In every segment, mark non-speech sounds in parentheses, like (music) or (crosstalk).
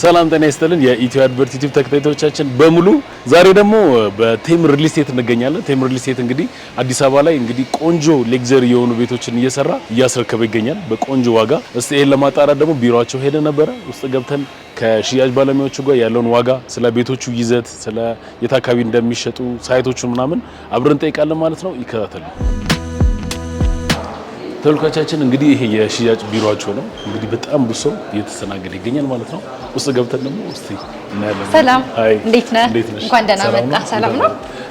ሰላም ጤና ይስጥልን የኢትዮ አድቨርት ዩቲዩብ ተከታታዮቻችን በሙሉ ዛሬ ደግሞ በቴም ሪል ስቴት እንገኛለን። ቴም ሪል ስቴት እንግዲህ አዲስ አበባ ላይ እንግዲህ ቆንጆ ሌግዘር የሆኑ ቤቶችን እየሰራ እያስረከበ ይገኛል በቆንጆ ዋጋ። እስቲ ይሄን ለማጣራት ደግሞ ቢሮአቸው ሄደ ነበረ ውስጥ ገብተን ከሽያጭ ባለሙያዎቹ ጋር ያለውን ዋጋ ስለ ቤቶቹ ይዘት ስለ የት አካባቢ እንደሚሸጡ ሳይቶቹን ምናምን አብረን ጠይቃለን ማለት ነው። ይከታተሉ። ተመልካቻችን እንግዲህ ይሄ የሽያጭ ቢሮአቸው ነው። እንግዲህ በጣም ብዙ ሰው እየተስተናገደ ይገኛል ማለት ነው። ውስጥ ገብተን ደግሞ እስቲ እናያለን። ሰላም፣ እንዴት ነህ? እንኳን ደህና መጣ። ሰላም ነው።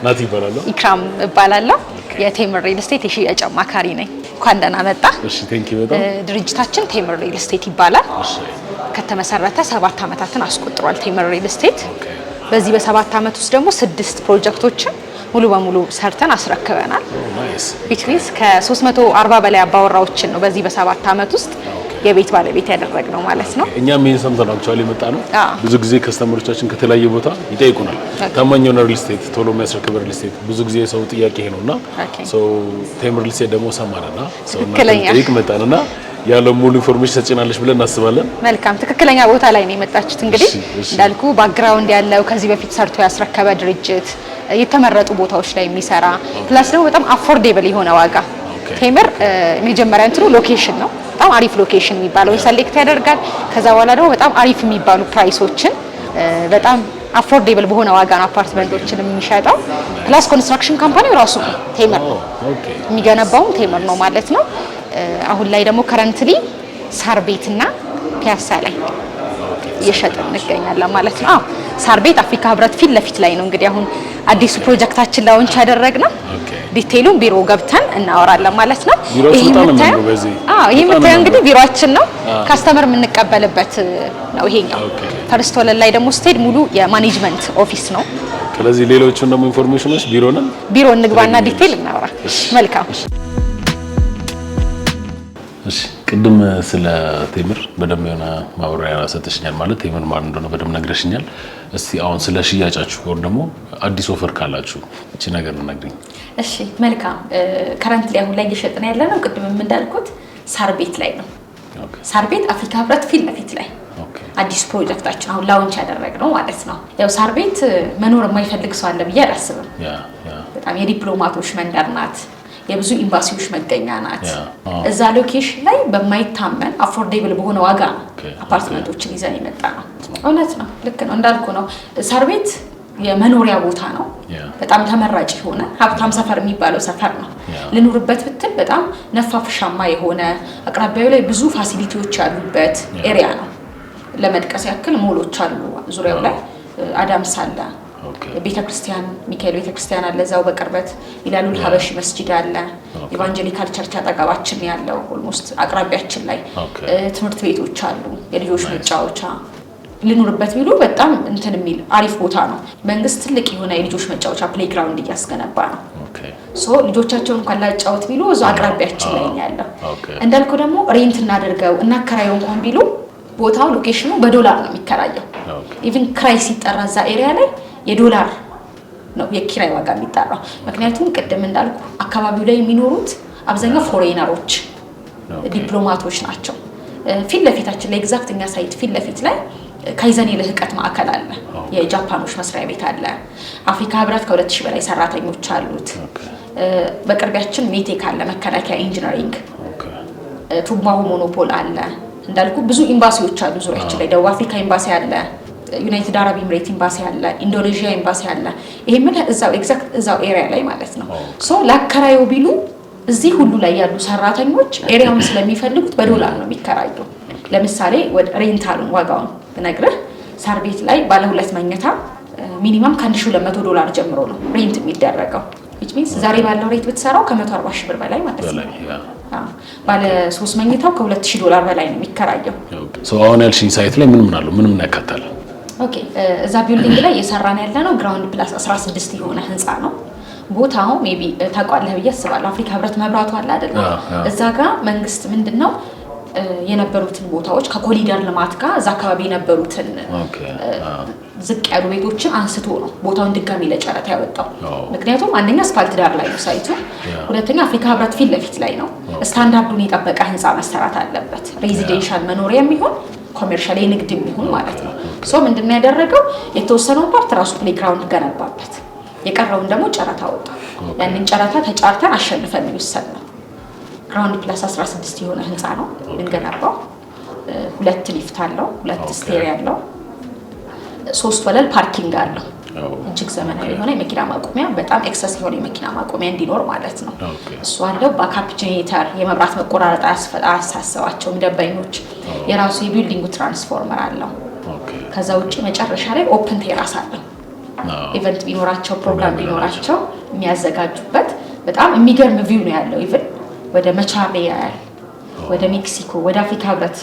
ናቲ እባላለሁ። ኢክራም እባላለሁ። የቴምር ሪል ስቴት የሽያጭ አማካሪ ነኝ። እንኳን ደህና መጣ። እሺ፣ ቴንክ በጣም። ድርጅታችን ቴምር ሪል ስቴት ይባላል። ከተመሰረተ ሰባት አመታትን አስቆጥሯል። ቴምር ሪል ስቴት በዚህ በሰባት አመት ውስጥ ደግሞ ስድስት ፕሮጀክቶችን ሙሉ በሙሉ ሰርተን አስረክበናል። ዊች ሚንስ ከ340 በላይ አባወራዎችን ነው በዚህ በሰባት አመት ውስጥ የቤት ባለቤት ያደረግ ነው ማለት ነው። እኛም ይህን ሰምተን አክቹዋሊ የመጣ ነው። ብዙ ጊዜ ከስተመሮቻችን ከተለያየ ቦታ ይጠይቁናል። ታማኝ የሆነ ሪል ስቴት፣ ቶሎ የሚያስረክብ ሪል ስቴት ብዙ ጊዜ ሰው ጥያቄ ይሄ ነው እና ቴም ሪል ስቴት ደግሞ ሰማንና ሰው ጠይቅ መጣን መጣንና ያለው ሙሉ ኢንፎርሜሽን ሰጭናለች ብለን እናስባለን። መልካም ትክክለኛ ቦታ ላይ ነው የመጣችሁት። እንግዲህ እንዳልኩ ባክግራውንድ ያለው ከዚህ በፊት ሰርቶ ያስረከበ ድርጅት የተመረጡ ቦታዎች ላይ የሚሰራ ፕላስ ደግሞ በጣም አፎርዴብል የሆነ ዋጋ ቴምር የመጀመሪያ እንትኑ ሎኬሽን ነው። በጣም አሪፍ ሎኬሽን የሚባለው ሰሌክት ያደርጋል። ከዛ በኋላ ደግሞ በጣም አሪፍ የሚባሉ ፕራይሶችን በጣም አፎርዴብል በሆነ ዋጋ ነው አፓርትመንቶችን የሚሸጠው። ፕላስ ኮንስትራክሽን ካምፓኒው ራሱ ቴምር ነው የሚገነባውም ቴምር ነው ማለት ነው። አሁን ላይ ደግሞ ከረንትሊ ሳር ቤትና ፒያሳ ላይ እየሸጥ እንገኛለን ማለት ነው። ሳር ቤት አፍሪካ ህብረት ፊት ለፊት ላይ ነው እንግዲህ አሁን አዲሱ ፕሮጀክታችን ላውንች ያደረግነው። ዲቴይሉን ቢሮ ገብተን እናወራለን ማለት ነው። ይሄ የምታየው እንግዲህ ቢሮአችን ነው። ካስተመር የምንቀበልበት ነው ይሄኛው። ፈርስት ወለል ላይ ደግሞ ስትሄድ ሙሉ የማኔጅመንት ኦፊስ ነው። ስለዚህ ሌሎቹን ደግሞ ኢንፎርሜሽኖች ቢሮ ነን ቢሮ እንግባና ዲቴይል እናወራ። መልካም እሺ ቅድም ስለ ቴምር በደንብ የሆነ ማብራሪያ ሰጥሽኛል። ማለት ቴምር ማን እንደሆነ በደንብ ነግረሽኛል። እስቲ አሁን ስለ ሽያጫችሁ ወይም ደግሞ አዲስ ኦፈር ካላችሁ እቺ ነገር ነግሪኝ። እሺ መልካም። ከረንት ላይ አሁን ላይ እየሸጥን ያለ ነው፣ ቅድም እንዳልኩት ሳር ቤት ላይ ነው። ሳር ቤት አፍሪካ ህብረት ፊት ለፊት ላይ አዲስ ፕሮጀክታችን አሁን ላውንች ያደረግነው ማለት ነው። ያው ሳር ቤት መኖር የማይፈልግ ሰው አለ ብዬ አላስብም። በጣም የዲፕሎማቶች መንደር ናት። የብዙ ኤምባሲዎች መገኛ ናት። እዛ ሎኬሽን ላይ በማይታመን አፎርዴብል በሆነ ዋጋ ነው አፓርትመንቶችን ይዘን የመጣ ነው። እውነት ነው፣ ልክ ነው እንዳልኩ ነው። ሳር ቤት የመኖሪያ ቦታ ነው። በጣም ተመራጭ የሆነ ሀብታም ሰፈር የሚባለው ሰፈር ነው። ልኑርበት ብትል በጣም ነፋፍሻማ የሆነ አቅራቢያው ላይ ብዙ ፋሲሊቲዎች ያሉበት ኤሪያ ነው። ለመጥቀስ ያክል ሞሎች አሉ ዙሪያው ላይ አዳምስ አለ ክርስቲያን ሚካኤል ቤተክርስቲያን አለ እዛው በቅርበት ይላሉል ሀበሽ መስጂድ አለ ኢቫንጀሊካል ቸርች አጠገባችን ያለው ኦልሞስት አቅራቢያችን ላይ ትምህርት ቤቶች አሉ የልጆች መጫወቻ ልኑርበት ቢሉ በጣም እንትን የሚል አሪፍ ቦታ ነው መንግስት ትልቅ የሆነ የልጆች መጫወቻ ፕሌይግራውንድ እያስገነባ ነው ልጆቻቸውን እንኳን ላጫወት ቢሉ እዛ አቅራቢያችን ላይ ያለው እንዳልኩ ደግሞ ሬንት እናደርገው እናከራየው እንኳን ቢሉ ቦታው ሎኬሽኑ በዶላር ነው የሚከራየው ኢቭን ክራይ ሲጠራ እዛ ኤሪያ ላይ የዶላር ነው የኪራይ ዋጋ የሚጠራው። ምክንያቱም ቅድም እንዳልኩ አካባቢው ላይ የሚኖሩት አብዛኛው ፎሬነሮች ዲፕሎማቶች ናቸው። ፊት ለፊታችን ለኤግዛክት ኤግዛክት እኛ ሳይት ፊት ለፊት ላይ ካይዘን ልህቀት ማዕከል አለ። የጃፓኖች መስሪያ ቤት አለ። አፍሪካ ህብረት ከ ሺህ በላይ ሰራተኞች አሉት። በቅርቢያችን ሜቴክ አለ፣ መከላከያ ኢንጂነሪንግ፣ ቱባሁ ሞኖፖል አለ። እንዳልኩ ብዙ ኤምባሲዎች አሉ ዙሪያችን ላይ ደቡብ አፍሪካ ኤምባሲ አለ ዩናይትድ አረብ ኤምሬት ኤምባሲ አለ፣ ኢንዶኔዥያ ኤምባሲ አለ። ይሄ ምን እዛው ኤግዛክት እዛው ኤሪያ ላይ ማለት ነው። ሶ ላከራዩ ቢሉ እዚህ ሁሉ ላይ ያሉ ሰራተኞች ኤሪያውን ስለሚፈልጉት በዶላር ነው የሚከራዩ። ለምሳሌ ወደ ሬንታሉን ዋጋውን ብነግርህ ሳር ቤት ላይ ባለ ሁለት መኝታ ሚኒማም ከ ሺህ ሁለት ዶላር ጀምሮ ነው ሬንት የሚደረገው። ዊች ሚንስ ዛሬ ባለው ሬት ብትሰራው ከ አርባ ሺህ ብር በላይ ማለት ነው። ባለ ሶስት መኝታው ከ2000 ዶላር በላይ ነው የሚከራየው። አሁን ያልሽኝ ሳይት ላይ ምን ምን አለው? ምን ምን ያካትታል? ኦኬ እዛ ቢልዲንግ ላይ እየሰራን ያለ ነው ግራውንድ ፕላስ 16 የሆነ ህንፃ ነው። ቦታው ሜይ ቢ ታውቋለህ ብዬ አስባለሁ። አፍሪካ ህብረት መብራቱ አለ አይደል? እዛ ጋ መንግስት ምንድነው የነበሩትን ቦታዎች ከኮሊደር ልማት ጋር እዛ አካባቢ የነበሩትን ዝቅ ያሉ ቤቶችን አንስቶ ነው ቦታውን ድጋሚ ለጨረታ ያወጣው። ምክንያቱም አንደኛ አስፋልት ዳር ላይ ነው ሳይቱ፣ ሁለተኛ አፍሪካ ህብረት ፊት ለፊት ላይ ነው። ስታንዳርዱን የጠበቀ ህንፃ መሰራት አለበት። ሬዚደንሻል መኖሪያ የሚሆን ኮሜርሻል የንግድ የሚሆን ማለት ነው። ሶ ምንድነው ያደረገው? የተወሰነውን ፓርት ራሱ ፕሌግራውንድ ገነባበት፣ የቀረውን ደግሞ ጨረታ ወጣ። ያንን ጨረታ ተጫርተን አሸንፈን የሚወሰድ ነው። ግራውንድ ፕላስ 16 የሆነ ህንፃ ነው የምንገነባው። ሁለት ሊፍት አለው፣ ሁለት ስቴር ያለው፣ ሶስት ወለል ፓርኪንግ አለው። እጅግ ዘመናዊ የሆነ የመኪና ማቆሚያ በጣም ኤክሰስ የሆነ የመኪና ማቆሚያ እንዲኖር ማለት ነው። እሱ አለው። ባካፕ ጄኔሬተር፣ የመብራት መቆራረጥ አያሳስባቸውም ደንበኞች። የራሱ የቢልዲንጉ ትራንስፎርመር አለው። ከዛ ውጭ መጨረሻ ላይ ኦፕን ቴራስ አለው። ኢቨንት ቢኖራቸው ፕሮግራም ቢኖራቸው የሚያዘጋጁበት በጣም የሚገርም ቪው ነው ያለው። ኢቨን ወደ መቻሌ ያያል፣ ወደ ሜክሲኮ፣ ወደ አፍሪካ ህብረት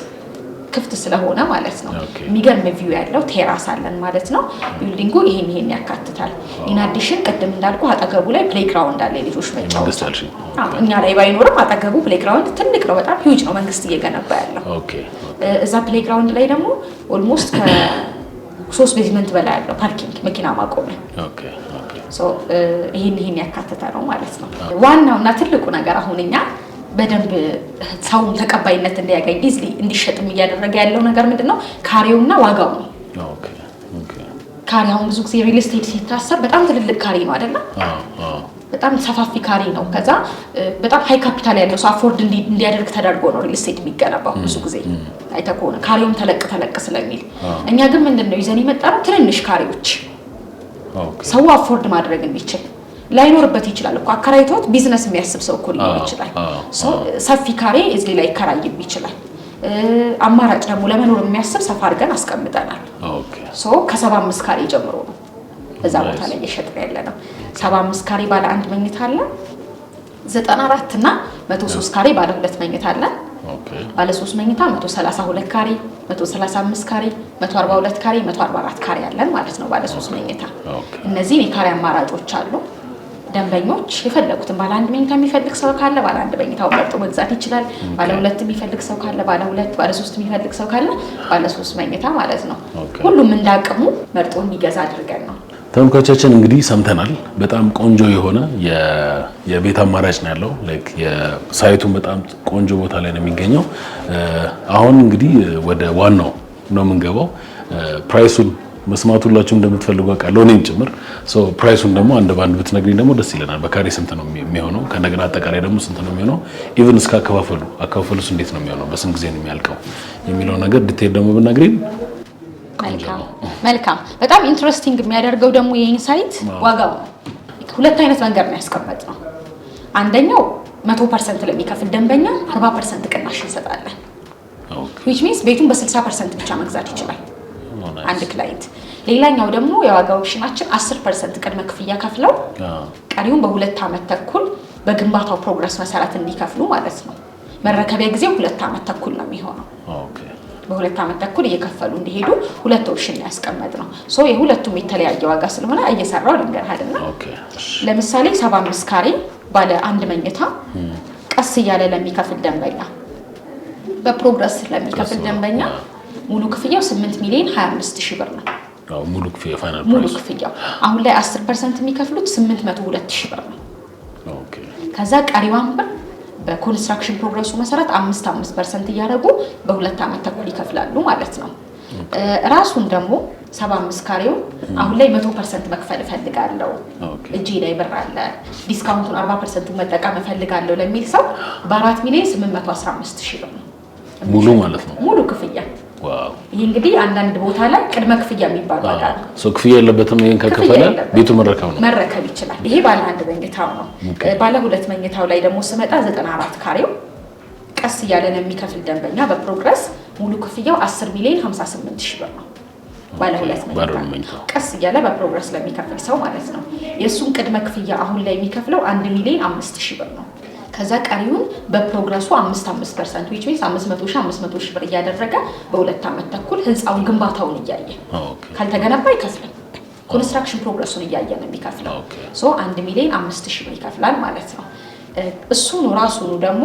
ክፍት ስለሆነ ማለት ነው። የሚገርም ቪው ያለው ቴራስ አለን ማለት ነው። ቢልዲንጉ ይሄን ይሄን ያካትታል። ኢናዲሽን አዲሽን ቅድም እንዳልኩ አጠገቡ ላይ ፕሌይግራውንድ አለ፣ የልጆች መጫወት። እኛ ላይ ባይኖርም አጠገቡ ፕሌይግራውንድ ትልቅ ነው፣ በጣም ሂውጅ ነው መንግስት እየገነባ ያለው እዛ ፕሌግራውንድ ላይ ደግሞ ኦልሞስት ከሶስት ቤዝመንት በላይ ያለው ፓርኪንግ መኪና ማቆሚያ ይህን ይህን ያካተተ ነው ማለት ነው። ዋናው እና ትልቁ ነገር አሁን እኛ በደንብ ሰውም ተቀባይነት እንዲያገኝ ኢዝሊ እንዲሸጥም እያደረገ ያለው ነገር ምንድን ነው? ካሬውና ዋጋው ነው። ካሬ አሁን ብዙ ጊዜ ሪል ስቴት ሲታሰብ በጣም ትልልቅ ካሬ ነው አይደለም በጣም ሰፋፊ ካሬ ነው። ከዛ በጣም ሀይ ካፒታል ያለው ሰው አፎርድ እንዲያደርግ ተደርጎ ነው ሪል ስቴት የሚገነባው። ብዙ ጊዜ አይተህ ከሆነ ካሬውም ተለቅ ተለቅ ስለሚል፣ እኛ ግን ምንድን ነው ይዘን የመጣነው ትንንሽ ካሬዎች ሰው አፎርድ ማድረግ እንዲችል ላይኖርበት ይችላል እኮ አከራይቶት ቢዝነስ የሚያስብ ሰው እኮ ሊኖር ይችላል። ሰፊ ካሬ እዚህ ላይ ይከራይም ይችላል። አማራጭ ደግሞ ለመኖር የሚያስብ ሰፋ አድርገን አስቀምጠናል። ከሰባ አምስት ካሬ ጀምሮ ነው እዛ ቦታ ላይ እየሸጥን ያለ ነው። ሰባ አምስት ካሬ ባለ አንድ መኝታ አለ። ዘጠና አራት እና መቶ ሶስት ካሬ ባለ ሁለት መኝታ አለ። ባለ ሶስት መኝታ መቶ ሰላሳ ሁለት ካሬ፣ መቶ ሰላሳ አምስት ካሬ፣ መቶ አርባ ሁለት ካሬ፣ መቶ አርባ አራት ካሬ አለን ማለት ነው። ባለ ሶስት መኝታ እነዚህን የካሬ አማራጮች አሉ። ደንበኞች የፈለጉትን ባለ አንድ መኝታ የሚፈልግ ሰው ካለ ባለ አንድ መኝታው መርጦ መግዛት ይችላል። ባለ ሁለት የሚፈልግ ሰው ካለ ባለ ሁለት፣ ባለ ሶስት የሚፈልግ ሰው ካለ ባለ ሶስት መኝታ ማለት ነው። ሁሉም እንዳቅሙ መርጦ እንዲገዛ አድርገን ነው ተመልካቾቻችን እንግዲህ ሰምተናል። በጣም ቆንጆ የሆነ የቤት አማራጭ ነው ያለው። ላይክ የሳይቱን በጣም ቆንጆ ቦታ ላይ ነው የሚገኘው። አሁን እንግዲህ ወደ ዋናው ነው የምንገባው። ፕራይሱን መስማት ሁላችሁም እንደምትፈልጉ አውቃለሁ፣ እኔም ጭምር። ሶ ፕራይሱን ደግሞ አንድ ባንድ ብትነግሪኝ ደግሞ ደስ ይለናል። በካሬ ስንት ነው የሚሆነው? ከእንደገና አጠቃላይ ደግሞ ስንት ነው የሚሆነው? ኢቭን እስከ አከፋፈሉ አከፋፈሉስ እንዴት ነው የሚሆነው? በስንት ጊዜ ነው የሚያልቀው የሚለው ነገር ዲቴል ደግሞ ብናግሪኝ መልካም። በጣም ኢንትረስቲንግ የሚያደርገው ደግሞ የኢንሳይት ዋጋ ዋጋው ነው። ሁለት አይነት መንገድ ነው ያስቀመጥ ነው። አንደኛው መቶ ፐርሰንት ለሚከፍል ደንበኛ አርባ ፐርሰንት ቅናሽ እንሰጣለን። ዊች ሚንስ ቤቱን በስልሳ ፐርሰንት ብቻ መግዛት ይችላል አንድ ክላይንት። ሌላኛው ደግሞ የዋጋ ኦፕሽናችን አስር ፐርሰንት ቅድመ ክፍያ ከፍለው ቀሪውን በሁለት ዓመት ተኩል በግንባታው ፕሮግረስ መሰረት እንዲከፍሉ ማለት ነው። መረከቢያ ጊዜ ሁለት ዓመት ተኩል ነው የሚሆነው። በሁለት ዓመት ተኩል እየከፈሉ እንዲሄዱ ሁለት ኦፕሽን ያስቀመጥ ነው። ሶ የሁለቱም የተለያየ ዋጋ ስለሆነ እየሰራው ልንገርህ አይደለም። ለምሳሌ ሰባ አምስት ካሬ ባለ አንድ መኝታ ቀስ እያለ ለሚከፍል ደንበኛ በፕሮግረስ ለሚከፍል ደንበኛ ሙሉ ክፍያው 8 ሚሊዮን 25 ሺህ ብር ነው። ሙሉ ክፍያው አሁን ላይ 10 ፐርሰንት የሚከፍሉት 802 ሺህ ብር ነው። ከዛ ቀሪዋን ብር በኮንስትራክሽን ፕሮግረሱ መሰረት አምስት አምስት ፐርሰንት እያደረጉ በሁለት ዓመት ተኩል ይከፍላሉ ማለት ነው። ራሱን ደግሞ ሰባ አምስት ካሬው አሁን ላይ መቶ ፐርሰንት መክፈል እፈልጋለሁ እጄ ላይ ብር አለ ዲስካውንቱን አርባ ፐርሰንቱ መጠቀም እፈልጋለሁ ለሚል ሰው በአራት ሚሊዮን ስምንት መቶ አስራ አምስት ሺህ ነው ሙሉ ማለት ነው ሙሉ ክፍያ ይህ እንግዲህ አንዳንድ ቦታ ላይ ቅድመ ክፍያ የሚባሉ አሉ። ክፍያ የለበትም። ይህን ከከፈለ ቤቱ መረከብ ነው መረከብ ይችላል። ይሄ ባለ አንድ መኝታው ነው። ባለ ሁለት መኝታው ላይ ደግሞ ስመጣ ዘጠና አራት ካሬው ቀስ እያለን የሚከፍል ደንበኛ በፕሮግረስ ሙሉ ክፍያው 10 ሚሊዮን 58 ሺህ ብር ነው። ባለ ሁለት መኝታ ቀስ እያለ በፕሮግረስ ለሚከፍል ሰው ማለት ነው። የእሱን ቅድመ ክፍያ አሁን ላይ የሚከፍለው 1 ሚሊዮን 5 ሺህ ብር ነው። ከዛ ቀሪውን በፕሮግረሱ አምስት አምስት ፐርሰንት ዊች ሚንስ አምስት መቶ ሺ አምስት መቶ ሺ ብር እያደረገ በሁለት ዓመት ተኩል ህንፃውን ግንባታውን እያየ ካልተገነባ አይከፍልም። ኮንስትራክሽን ፕሮግረሱን እያየ ነው የሚከፍለው። ሶ አንድ ሚሊዮን አምስት ሺ ብር ይከፍላል ማለት ነው። እሱኑ ራሱኑ ደግሞ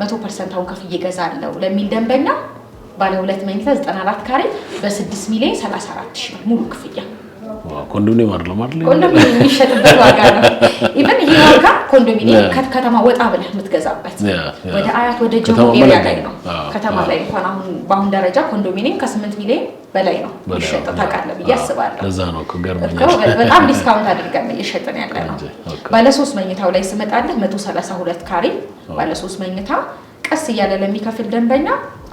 መቶ ፐርሰንት አሁን ከፍዬ እገዛለሁ ለሚል ደንበኛ ባለ ሁለት መኝታ 94 ካሬ በ6 ሚሊዮን 34 ሺ ብር ሙሉ ክፍያ ኮንዶሚኒየም አይደለም አይደል? ኮንዶሚኒየም የሚሸጥበት ዋጋ ነው። (laughs) ኢቨን ይሄ ዋጋ ኮንዶሚኒየም ከከተማ ወጣ ብለህ የምትገዛበት ወደ አያት ወደ ጀሙ ኤሪያ ላይ ነው። ከተማ ላይ እንኳን አሁን በአሁን ደረጃ ኮንዶሚኒየም ከስምንት ሚሊዮን በላይ ነው የሚሸጠው። ታውቃለህ ብዬ አስባለሁ። ለዛ ነው በጣም (laughs) ዲስካውንት አድርገን እየሸጥን ያለ ነው። ባለ ሶስት መኝታው ላይ ስመጣልህ መቶ ሰላሳ ሁለት ካሬ ባለ ሶስት መኝታ ቀስ እያለ ለሚከፍል ደንበኛ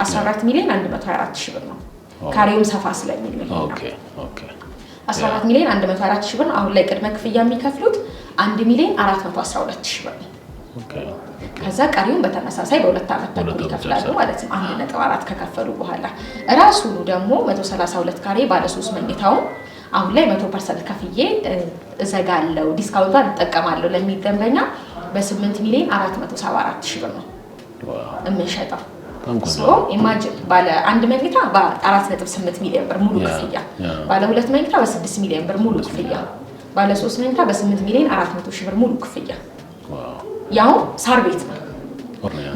14 ሚሊዮን 124 ሺህ ብር ነው። ካሬውም ሰፋ ስለሚል ኦኬ ኦኬ 14 ሚሊዮን 104 ሺህ ብር ነው አሁን ላይ ቅድመ ክፍያ የሚከፍሉት 1 ሚሊዮን 412 ሺህ ብር ነው። ከዛ ቀሪውን በተመሳሳይ በሁለት ዓመት ተኩል ይከፍላሉ ማለት አንድ ነጥብ አራት ከከፈሉ በኋላ እራሱ ደግሞ 132 ካሬ ባለሶስት መኝታውን አሁን ላይ 100 ፐርሰንት ከፍዬ እዘጋለሁ ዲስካውንቷን እጠቀማለሁ ለሚል በ8 ሚሊዮን 474 ሺህ ብር ነው የምንሸጠው። ኢማጅን ባለ አንድ መኝታ በአራት ነጥብ ስምንት ሚሊዮን ብር ሙሉ ክፍያ፣ ባለ ሁለት መኝታ በስድስት ሚሊዮን ብር ሙሉ ክፍያ፣ ባለ ሶስት መኝታ በስምንት ሚሊዮን አራት መቶ ሺህ ብር ሙሉ ክፍያ። ያው ሳር ቤት ነው።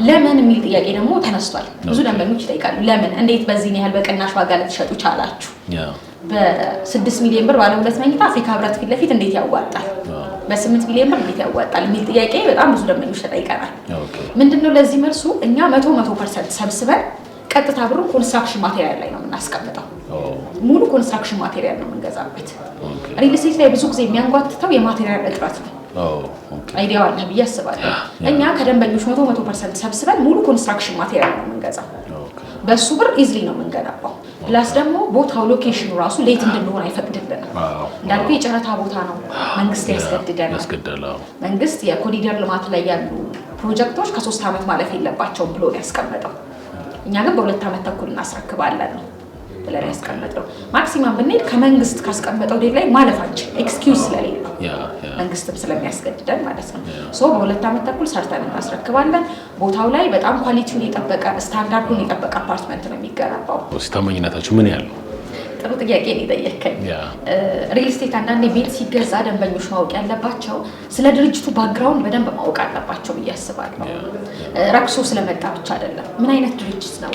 ለምን የሚል ጥያቄ ደግሞ ተነስቷል። ብዙ ደንበኞች ይጠይቃሉ። ለምን እንዴት በዚህን ያህል በቅናሽ ዋጋ ልትሸጡ ቻላችሁ? በስድስት ሚሊዮን ብር ባለ ሁለት መኝታ አፍሪካ ህብረት ፊት ለፊት እንዴት ያዋጣል? በስምንት ሚሊዮን ብር እንዴት ያዋጣል የሚል ጥያቄ በጣም ብዙ ደንበኞች ተጠይቀናል። ምንድነው ለዚህ መልሱ እኛ መቶ መቶ ፐርሰንት ሰብስበን ቀጥታ ብሩ ኮንስትራክሽን ማቴሪያል ላይ ነው የምናስቀምጠው። ሙሉ ኮንስትራክሽን ማቴሪያል ነው የምንገዛበት። ሪል ስቴት ላይ ብዙ ጊዜ የሚያንጓትተው የማቴሪያል እጥረት ነው። አይዲያ አለ ብዬ አስባለሁ። እኛ ከደንበኞች መቶ መቶ ፐርሰንት ሰብስበን ሙሉ ኮንስትራክሽን ማቴሪያል ነው የምንገዛው። በእሱ ብር ኢዝሊ ነው የምንገነባው። ፕላስ ደግሞ ቦታው ሎኬሽኑ ራሱ ሌት እንድንሆን አይፈቅድልንም። እንዳልኩ የጨረታ ቦታ ነው መንግስት ያስገድደናል። መንግስት የኮሪደር ልማት ላይ ያሉ ፕሮጀክቶች ከሶስት ዓመት ማለፍ የለባቸውም ብሎ ያስቀመጠው፣ እኛ ግን በሁለት ዓመት ተኩል እናስረክባለን ነው ብለን ያስቀመጥነው ማክሲማም ብንሄድ ከመንግስት ካስቀመጠው ዴት ላይ ማለፋችን ኤክስኪውዝ ስለሌለ መንግስትም ስለሚያስገድደን ማለት ነው። ሶ በሁለት ዓመት ተኩል ሰርተን እናስረክባለን። ቦታው ላይ በጣም ኳሊቲውን የጠበቀ ስታንዳርዱን የጠበቀ አፓርትመንት ነው የሚገነባው። ታማኝነታችሁ ምን ያህል ጥሩ ጥያቄ ነው የጠየከኝ። ሪል ስቴት አንዳንዴ ቤት ሲገዛ ደንበኞች ማወቅ ያለባቸው ስለ ድርጅቱ ባክግራውንድ በደንብ ማወቅ አለባቸው ብዬ አስባለሁ። ረክሶ ስለመጣ ብቻ አይደለም። ምን አይነት ድርጅት ነው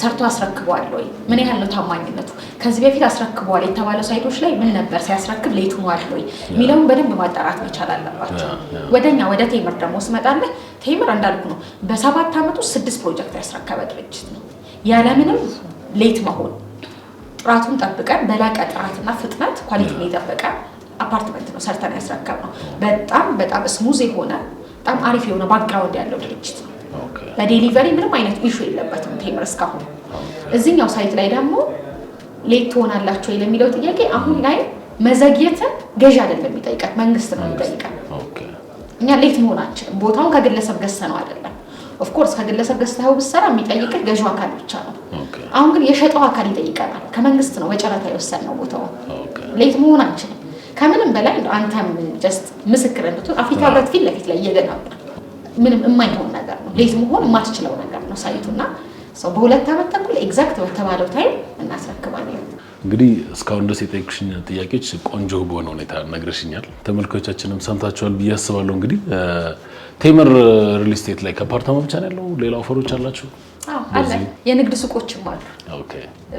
ሰርቶ አስረክቧል ወይ? ምን ያህል ነው ታማኝነቱ? ከዚህ በፊት አስረክቧል የተባለው ሳይቶች ላይ ምን ነበር ሲያስረክብ ሌቱ ኗል ወይ የሚለውን በደንብ ማጣራት መቻል አለባቸው። ወደኛ ወደ ቴምር ደግሞ ስመጣለህ፣ ቴምር እንዳልኩ ነው በሰባት ዓመት ውስጥ ስድስት ፕሮጀክት ያስረከበ ድርጅት ነው ያለምንም ሌት መሆን ጥራቱን ጠብቀን በላቀ ጥራትና ፍጥነት ኳሊቲን የጠበቀ አፓርትመንት ነው ሰርተን ያስረከብ ነው። በጣም በጣም ስሙዝ የሆነ በጣም አሪፍ የሆነ ባክግራውንድ ያለው ድርጅት ነው። በዴሊቨሪ ምንም አይነት ኢሹ የለበትም ቴምር እስካሁን። እዚህኛው ሳይት ላይ ደግሞ ሌት ትሆናላቸው ለሚለው ጥያቄ አሁን ላይ መዘግየትን ገዢ አይደለም የሚጠይቀን መንግስት ነው የሚጠይቀን። እኛ ሌት መሆናችን ቦታውን ከግለሰብ ገዝተህ ነው አይደለም። ኦፍኮርስ ከግለሰብ ገዝተኸው ብትሰራ የሚጠይቅህ ገዢው አካል ብቻ ነው። አሁን ግን የሸጠው አካል ይጠይቀናል። ከመንግስት ነው በጨረታ ነው ቦታው ሌት አንችልም። ከምንም በላይ አንተም ጀስት ምስክር እንድትሆን አፍሪካ ህብረት ፊት ለፊት ላይ እየገናባል ምንም የማይሆን ሌት መሆን የማትችለው ነገር ነው ሳይቱና በሁለት ዓመት ተኩል ኤግዛክት በተባለው ታይም እናስረክባለን። እንግዲህ እስካሁን ድረስ የጠየቅሽኝ ጥያቄዎች ቆንጆ በሆነ ሁኔታ ነግረሽኛል። ተመልካቾቻችንም ሰምታችኋል ብዬ አስባለሁ። እንግዲህ ቴምር ሪል ስቴት ላይ ከፓርታማ ብቻ ነው ያለው፣ ሌላ ኦፈሮች አላችሁ? አለ። የንግድ ሱቆችም አሉ።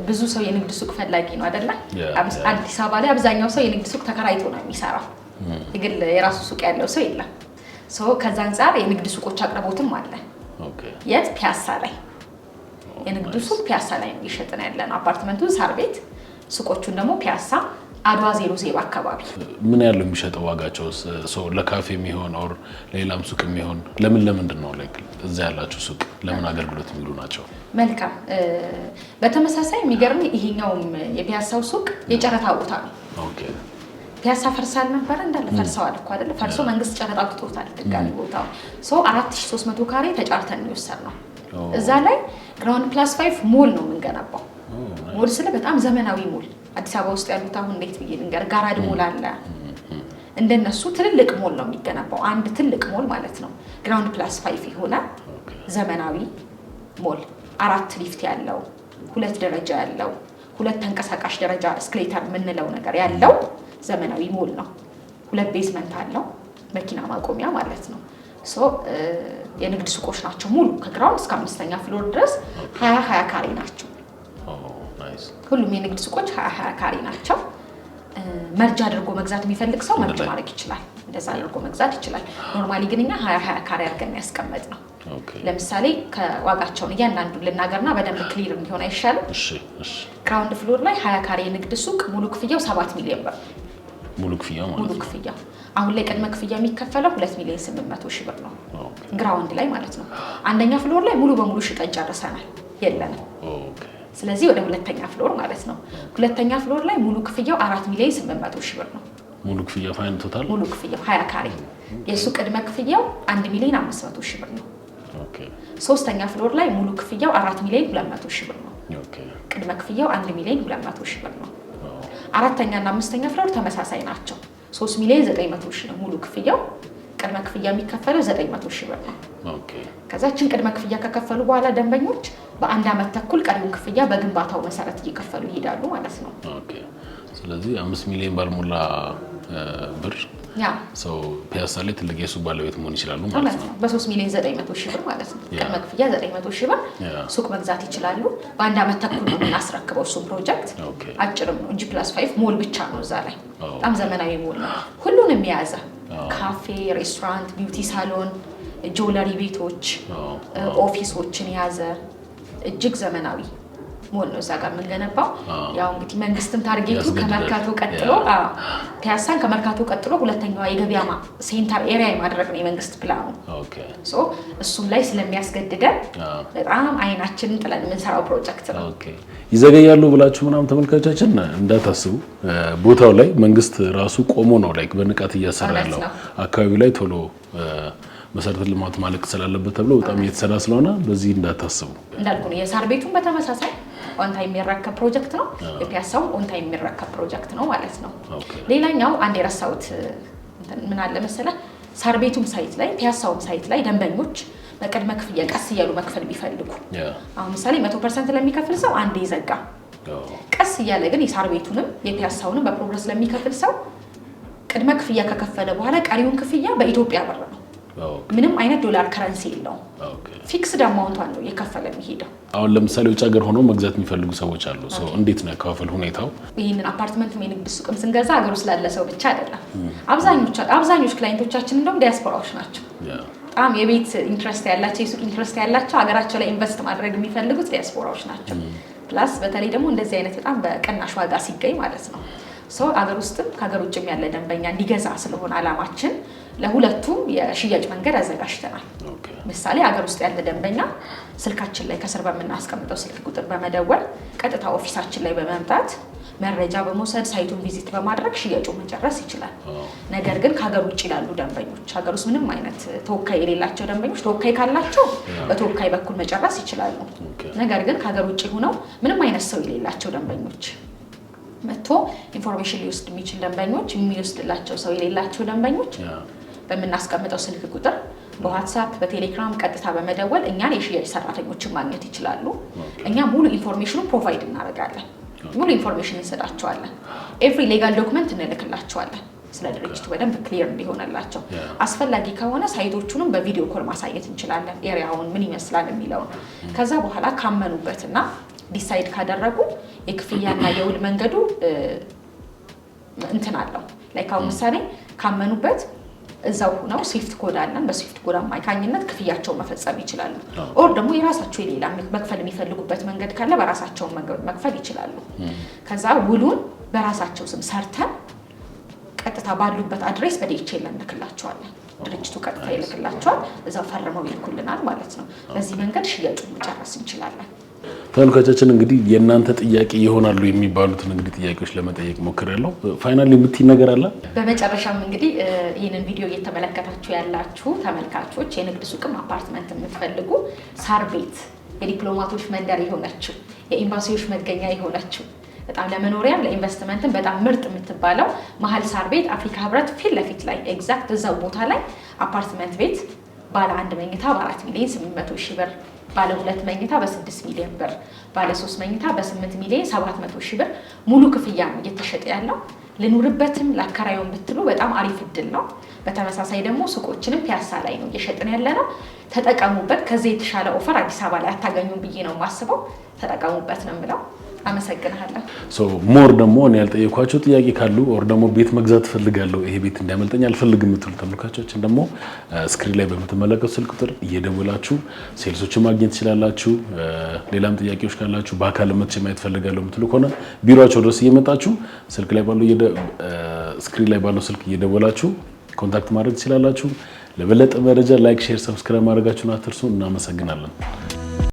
ብዙ ሰው የንግድ ሱቅ ፈላጊ ነው አይደለ? አዲስ አበባ ላይ አብዛኛው ሰው የንግድ ሱቅ ተከራይቶ ነው የሚሰራው። ግል የራሱ ሱቅ ያለው ሰው የለም። ከዛ አንጻር የንግድ ሱቆች አቅርቦትም አለ። የት ፒያሳ ላይ የንግድ ሱቅ ፒያሳ ላይ እየሸጥን ያለ ነው። አፓርትመንቱን ሳር ቤት፣ ሱቆቹን ደግሞ ፒያሳ አድዋ ዜሮ ዜባ አካባቢ። ምን ያለው የሚሸጠው ዋጋቸው ሰው ለካፌ የሚሆን ኦር ሌላም ሱቅ የሚሆን ለምን ለምንድን ነው እዛ ያላቸው ሱቅ ለምን አገልግሎት የሚሉ ናቸው? መልካም። በተመሳሳይ የሚገርም ይሄኛውም የፒያሳው ሱቅ የጨረታ ቦታ ነው። ፒያሳ ፈርሳል ነበረ እንዳለ ፈርሰዋል እኮ አይደለ? ፈርሶ መንግስት ጨረታ አውጥቶታል። ድጋሚ ቦታው አራት ሺህ መቶ ካሬ ተጫርተን ነው እዛ ላይ ግራውንድ ፕላስ ፋይቭ ሞል ነው የምንገነባው። ሞል ስለ በጣም ዘመናዊ ሞል አዲስ አበባ ውስጥ ያሉት አሁን እንዴት ብዬ ልንገር፣ ጋራድ ሞል አለ እንደነሱ ትልልቅ ሞል ነው የሚገነባው። አንድ ትልቅ ሞል ማለት ነው። ግራውንድ ፕላስ ፋይቭ የሆነ ዘመናዊ ሞል አራት ሊፍት ያለው ሁለት ደረጃ ያለው ሁለት ተንቀሳቃሽ ደረጃ እስክሌተር የምንለው ነገር ያለው ዘመናዊ ሞል ነው። ሁለት ቤዝመንት አለው መኪና ማቆሚያ ማለት ነው። የንግድ ሱቆች ናቸው ሙሉ ከግራውንድ እስከ አምስተኛ ፍሎር ድረስ ሀያ ሀያ ካሬ ናቸው። ሁሉም የንግድ ሱቆች ሀያ ሀያ ካሬ ናቸው። መርጃ አድርጎ መግዛት የሚፈልግ ሰው መርጃ ማድረግ ይችላል። እንደዛ አድርጎ መግዛት ይችላል። ኖርማሊ ግን እኛ ሀያ ሀያ ካሬ አድርገን ያስቀመጥ ነው። ለምሳሌ ከዋጋቸውን እያንዳንዱ ልናገርና በደንብ ክሊር እንዲሆን አይሻልም? ግራውንድ ፍሎር ላይ ሀያ ካሬ የንግድ ሱቅ ሙሉ ክፍያው ሰባት ሚሊዮን ብር ሙሉ ክፍያ ማለት ሙሉ ክፍያ አሁን ላይ ቅድመ ክፍያ የሚከፈለው ሁለት ሚሊዮን ስምንት መቶ ሺህ ብር ነው። ግራውንድ ላይ ማለት ነው። አንደኛ ፍሎር ላይ ሙሉ በሙሉ ሽጠን ጨርሰናል፣ የለንም። ስለዚህ ወደ ሁለተኛ ፍሎር ማለት ነው። ሁለተኛ ፍሎር ላይ ሙሉ ክፍያው አራት ሚሊዮን ስምንት መቶ ሺህ ብር ነው። ሙሉ ክፍያ ፋይን ቶታል ሙሉ ክፍያው ሀያ ካሬ የእሱ ቅድመ ክፍያው አንድ ሚሊዮን አምስት መቶ ሺህ ብር ነው። ሶስተኛ ፍሎር ላይ ሙሉ ክፍያው አራት ሚሊዮን ሁለት መቶ ሺህ ብር ነው። ቅድመ ክፍያው አንድ ሚሊዮን ሁለት መቶ ሺህ ብር ነው። አራተኛ እና አምስተኛ ፍሎር ተመሳሳይ ናቸው። 3 ሚሊዮን 900 ሺህ ነው ሙሉ ክፍያው። ቅድመ ክፍያ የሚከፈለው 900 ሺህ ብር ነው። ከዛችን ቅድመ ክፍያ ከከፈሉ በኋላ ደንበኞች በአንድ አመት ተኩል ቀሪው ክፍያ በግንባታው መሰረት እየከፈሉ ይሄዳሉ ማለት ነው። ስለዚህ አምስት ሚሊዮን ባልሞላ ብር ሰው ፒያሳ ላይ ትልቅ የሱቅ ባለቤት መሆን ይችላሉ ማለት ነው። በሶስት ሚሊዮን ዘጠኝ መቶ ሺህ ብር ማለት ነው። ቅድመ ክፍያ ዘጠኝ መቶ ሺህ ብር ሱቅ መግዛት ይችላሉ። በአንድ አመት ተኩል ነው የምናስረክበው እሱን ፕሮጀክት። አጭርም ነው እንጂ ፕላስ ፋይቭ ሞል ብቻ ነው። እዛ ላይ በጣም ዘመናዊ ሞል ነው፣ ሁሉንም የያዘ ካፌ፣ ሬስቶራንት፣ ቢውቲ ሳሎን፣ ጆለሪ ቤቶች፣ ኦፊሶችን የያዘ እጅግ ዘመናዊ ሞል ነው እዛ ጋር የምንገነባው። ያው እንግዲህ መንግስትም ታርጌቱ ከመርካቶ ቀጥሎ ፒያሳን ከመርካቶ ቀጥሎ ሁለተኛዋ የገበያ ሴንተር ኤሪያ የማድረግ ነው የመንግስት ፕላኑ። እሱም ላይ ስለሚያስገድደን በጣም አይናችንን ጥለን የምንሰራው ፕሮጀክት ነው። ይዘገያሉ ብላችሁ ምናምን ተመልካቻችን እንዳታስቡ። ቦታው ላይ መንግስት ራሱ ቆሞ ነው ላይ በንቃት እያሰራ ያለው አካባቢው ላይ ቶሎ መሰረተ ልማት ማለቅ ስላለበት ተብሎ በጣም እየተሰራ ስለሆነ በዚህ እንዳታስቡ እንዳልኩ የሳር ቤቱን በተመሳሳይ ኦንታይም የሚረከብ ፕሮጀክት ነው። የፒያሳውም ኦንታይም የሚረከብ ፕሮጀክት ነው ማለት ነው። ሌላኛው አንድ የረሳሁት ምን አለ መሰለህ፣ ሳር ቤቱም ሳይት ላይ ፒያሳውም ሳይት ላይ ደንበኞች በቅድመ ክፍያ ቀስ እያሉ መክፈል ቢፈልጉ አሁን ምሳሌ መቶ ፐርሰንት ለሚከፍል ሰው አንድ ይዘጋ፣ ቀስ እያለ ግን የሳር ቤቱንም የፒያሳውንም በፕሮግረስ ለሚከፍል ሰው ቅድመ ክፍያ ከከፈለ በኋላ ቀሪውን ክፍያ በኢትዮጵያ ብር ምንም አይነት ዶላር ከረንሲ የለውም። ፊክስድ አማውንቷ ነው እየከፈለ የሚሄደው። አሁን ለምሳሌ ውጭ ሀገር ሆኖ መግዛት የሚፈልጉ ሰዎች አሉ። እንዴት ነው ያከፋፈል ሁኔታው? ይህንን አፓርትመንት የንግድ ሱቅም ስንገዛ ሀገር ውስጥ ላለ ሰው ብቻ አይደለም። አብዛኞቹ ክላይንቶቻችን እንደውም ዲያስፖራዎች ናቸው። በጣም የቤት ኢንትረስት ያላቸው የሱቅ ኢንትረስት ያላቸው ሀገራቸው ላይ ኢንቨስት ማድረግ የሚፈልጉት ዲያስፖራዎች ናቸው። ፕላስ በተለይ ደግሞ እንደዚህ አይነት በጣም በቅናሽ ዋጋ ሲገኝ ማለት ነው ሰው ሀገር ውስጥም ከሀገር ውጭም ያለ ደንበኛ እንዲገዛ ስለሆነ አላማችን ለሁለቱም የሽያጭ መንገድ አዘጋጅተናል። ምሳሌ ሀገር ውስጥ ያለ ደንበኛ ስልካችን ላይ ከስር በምናስቀምጠው ስልክ ቁጥር በመደወል ቀጥታ ኦፊሳችን ላይ በመምጣት መረጃ በመውሰድ ሳይቱን ቪዚት በማድረግ ሽያጩ መጨረስ ይችላል። ነገር ግን ከሀገር ውጭ ላሉ ደንበኞች ሀገር ውስጥ ምንም አይነት ተወካይ የሌላቸው ደንበኞች ተወካይ ካላቸው በተወካይ በኩል መጨረስ ይችላሉ። ነገር ግን ከሀገር ውጭ ሆነው ምንም አይነት ሰው የሌላቸው ደንበኞች መጥቶ ኢንፎርሜሽን ሊወስድ የሚችል ደንበኞች የሚወስድላቸው ሰው የሌላቸው ደንበኞች በምናስቀምጠው ስልክ ቁጥር በዋትሳፕ በቴሌግራም ቀጥታ በመደወል እኛን የሽያጭ ሰራተኞችን ማግኘት ይችላሉ። እኛ ሙሉ ኢንፎርሜሽኑን ፕሮቫይድ እናደርጋለን። ሙሉ ኢንፎርሜሽን እንሰጣቸዋለን። ኤቭሪ ሌጋል ዶክመንት እንልክላቸዋለን። ስለ ድርጅቱ በደንብ ክሊር እንዲሆንላቸው አስፈላጊ ከሆነ ሳይቶቹንም በቪዲዮ ኮል ማሳየት እንችላለን። ኤሪያውን ምን ይመስላል የሚለውን ከዛ በኋላ ካመኑበትና ዲሳይድ ካደረጉ የክፍያና የውል መንገዱ እንትን አለው ላይ ካሁን ምሳሌ ካመኑበት እዛው ሆነው ስዊፍት ኮድ አለን። በስዊፍት ኮድ አማካኝነት ክፍያቸው መፈጸም ይችላሉ። ኦር ደግሞ የራሳቸው የሌላ መክፈል የሚፈልጉበት መንገድ ካለ በራሳቸው መክፈል ይችላሉ። ከዛ ውሉን በራሳቸው ስም ሰርተን ቀጥታ ባሉበት አድሬስ በደቼ እንልክላቸዋለን። ድርጅቱ ቀጥታ ይልክላቸዋል። እዛው ፈርመው ይልኩልናል ማለት ነው። በዚህ መንገድ ሽያጩን መጨረስ እንችላለን። ተመልካቻችን እንግዲህ የእናንተ ጥያቄ ይሆናሉ የሚባሉትን እንግዲህ ጥያቄዎች ለመጠየቅ ሞክሬያለሁ። ፋይናል የምትይ ነገር አለ? በመጨረሻም እንግዲህ ይህንን ቪዲዮ እየተመለከታችሁ ያላችሁ ተመልካቾች የንግድ ሱቅም አፓርትመንት የምትፈልጉ ሳር ቤት የዲፕሎማቶች መንደር የሆነችው የኤምባሲዎች መገኛ የሆነችው በጣም ለመኖሪያም ለኢንቨስትመንትም በጣም ምርጥ የምትባለው መሀል ሳር ቤት አፍሪካ ህብረት ፊት ለፊት ላይ ኤግዛክት እዛው ቦታ ላይ አፓርትመንት ቤት ባለ አንድ መኝታ በአራት ሚሊዮን ስምንት መቶ ሺህ ብር ባለ ሁለት መኝታ በ6 ሚሊዮን ብር፣ ባለ 3 መኝታ በ8 ሚሊዮን 700 ሺህ ብር ሙሉ ክፍያ ነው እየተሸጠ ያለው። ልኑርበትም ለአከራዩን ብትሉ በጣም አሪፍ እድል ነው። በተመሳሳይ ደግሞ ሱቆችንም ፒያሳ ላይ ነው እየሸጥን ያለ ነው። ተጠቀሙበት። ከዚህ የተሻለ ኦፈር አዲስ አበባ ላይ አታገኙም ብዬ ነው ማስበው ተጠቀሙበት ነው የምለው። አመሰግናለሁ። ሞር ደግሞ እኔ ያልጠየኳቸው ጥያቄ ካሉ ኦር ደግሞ ቤት መግዛት እፈልጋለሁ ይሄ ቤት እንዲያመልጠኝ አልፈልግም የምትሉ ተመልካቾችን ደግሞ ስክሪን uh, ላይ በምትመለከቱ ስልክ ቁጥር እየደወላችሁ ሴልሶችን ማግኘት ትችላላችሁ። uh, ሌላም ጥያቄዎች ካላችሁ በአካል መጥቼ ማየት እፈልጋለሁ የምትሉ ከሆነ ቢሮቸው ድረስ እየመጣችሁ ስልክ ላይ ባለው ስክሪን uh, ላይ ባለው ስልክ እየደወላችሁ ኮንታክት ማድረግ ትችላላችሁ። ለበለጠ መረጃ ላይክ፣ ሼር፣ ሰብስክራይብ ማድረጋችሁን አትርሱ። እናመሰግናለን።